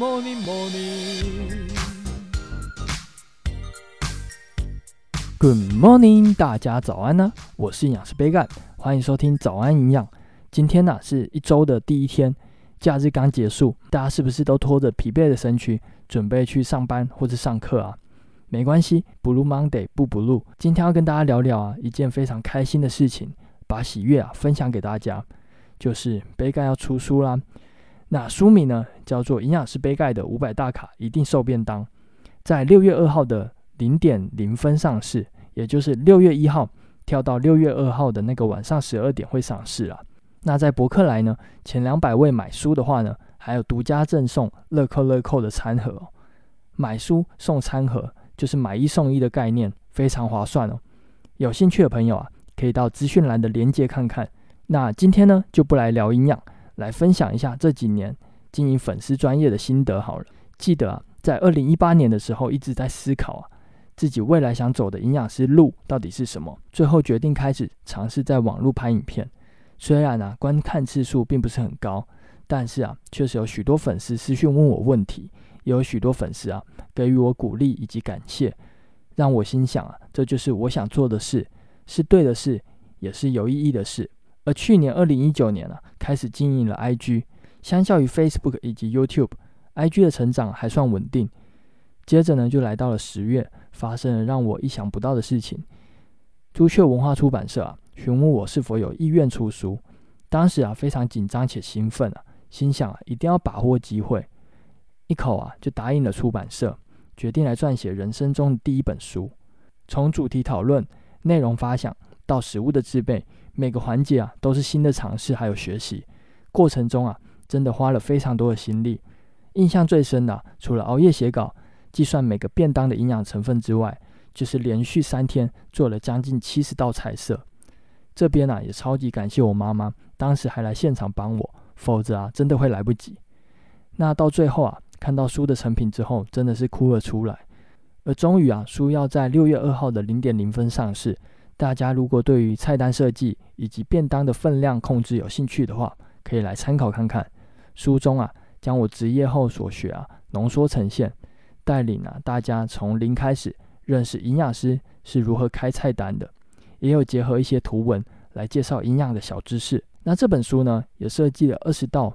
Morning, morning. Good morning, Good morning 大家早安呢、啊！我是營養師杯蓋，歡迎收聽早安營養。今天呢、啊、是一周的第一天，假日剛結束，大家是不是都拖着疲憊的身軀，準備去上班或者上課啊？沒關係，Blue Monday 不 Blue。今天要跟大家聊聊啊，一件非常開心的事情，把喜悅啊分享給大家，就是杯蓋要出書啦！那書名呢，叫做《營養師杯蓋的五百大卡一定瘦便當》，在六月二號的零點零分上市，也就是六月一號跳到六月二號的那個晚上十二點會上市啊。那在博客來呢，前兩百位買書的話呢，還有獨家贈送樂扣樂扣的餐盒哦。買書送餐盒，就是買一送一的概念，非常划算哦。有興趣的朋友啊，可以到資訊欄的連結看看。那今天呢，就不來聊營養。來分享一下這幾年經營粉絲專業的心得好了。記得啊，在二零一八年的時候，一直在思考啊，自己未來想走的營養師路到底是什麼。最後決定開始嘗試在網路拍影片，雖然啊觀看次數並不是很高，但是啊確實有許多粉絲私訊問我問題，也有許多粉絲啊給予我鼓勵以及感謝，讓我心想啊，這就是我想做的事，是對的事，也是有意義的事。而去年二零一九年啊，開始經營了 IG。相較於 Facebook 以及 YouTube，IG 的成長還算穩定。接着呢，就來到了十月，發生了讓我意想不到的事情。朱雀文化出版社啊，詢問我是否有意願出書。當時啊，非常緊張且興奮啊，心想啊，一定要把握機會，一口啊就答應了出版社，決定來撰寫人生中的第一本書。從主題討論、內容發想到食物的製備。每個環節啊都是新的嘗試，還有學習過程中啊，真的花了非常多的心力。印象最深的啊，除了熬夜寫稿、計算每個便當的營養成分之外，就是連續三天做了將近七十道菜色。這邊啊，也超級感謝我媽媽，當時還來現場幫我，否則啊真的會來不及。那到最後啊，看到書的成品之後，真的是哭了出來。而終於啊，書要在六月二號的零點零分上市。大家如果對於菜單設計以及便當的分量控制有興趣的話，可以來參考看看。書中啊，將我職業後所學啊濃縮呈現，帶領啊大家從零開始認識營養師是如何開菜單的，也有結合一些圖文來介紹營養的小知識。那這本書呢，也設計了二十道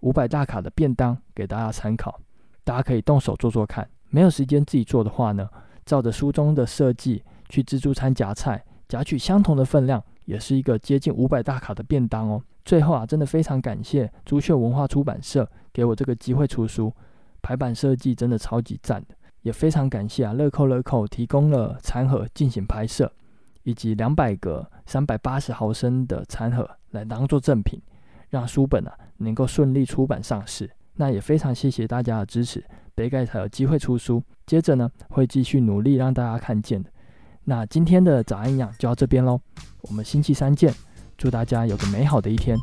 五百大卡的便當給大家參考，大家可以動手做做看。沒有時間自己做的話呢，照着書中的設計去自助餐夾菜。夾取相同的分量，也是一個接近五百大卡的便當哦。最後啊，真的非常感謝朱雀文化出版社給我這個機會出書，排版設計真的超級讚，也非常感謝啊樂扣樂扣提供了餐盒進行拍攝，以及兩百個三百八十毫升的餐盒來當做贈品，讓書本啊能夠順利出版上市。那也非常謝謝大家的支持，杯蓋才有機會出書。接着呢，會繼續努力讓大家看見的。那今天的早安營養就到這邊嘍，我們星期三見，祝大家有個美好的一天。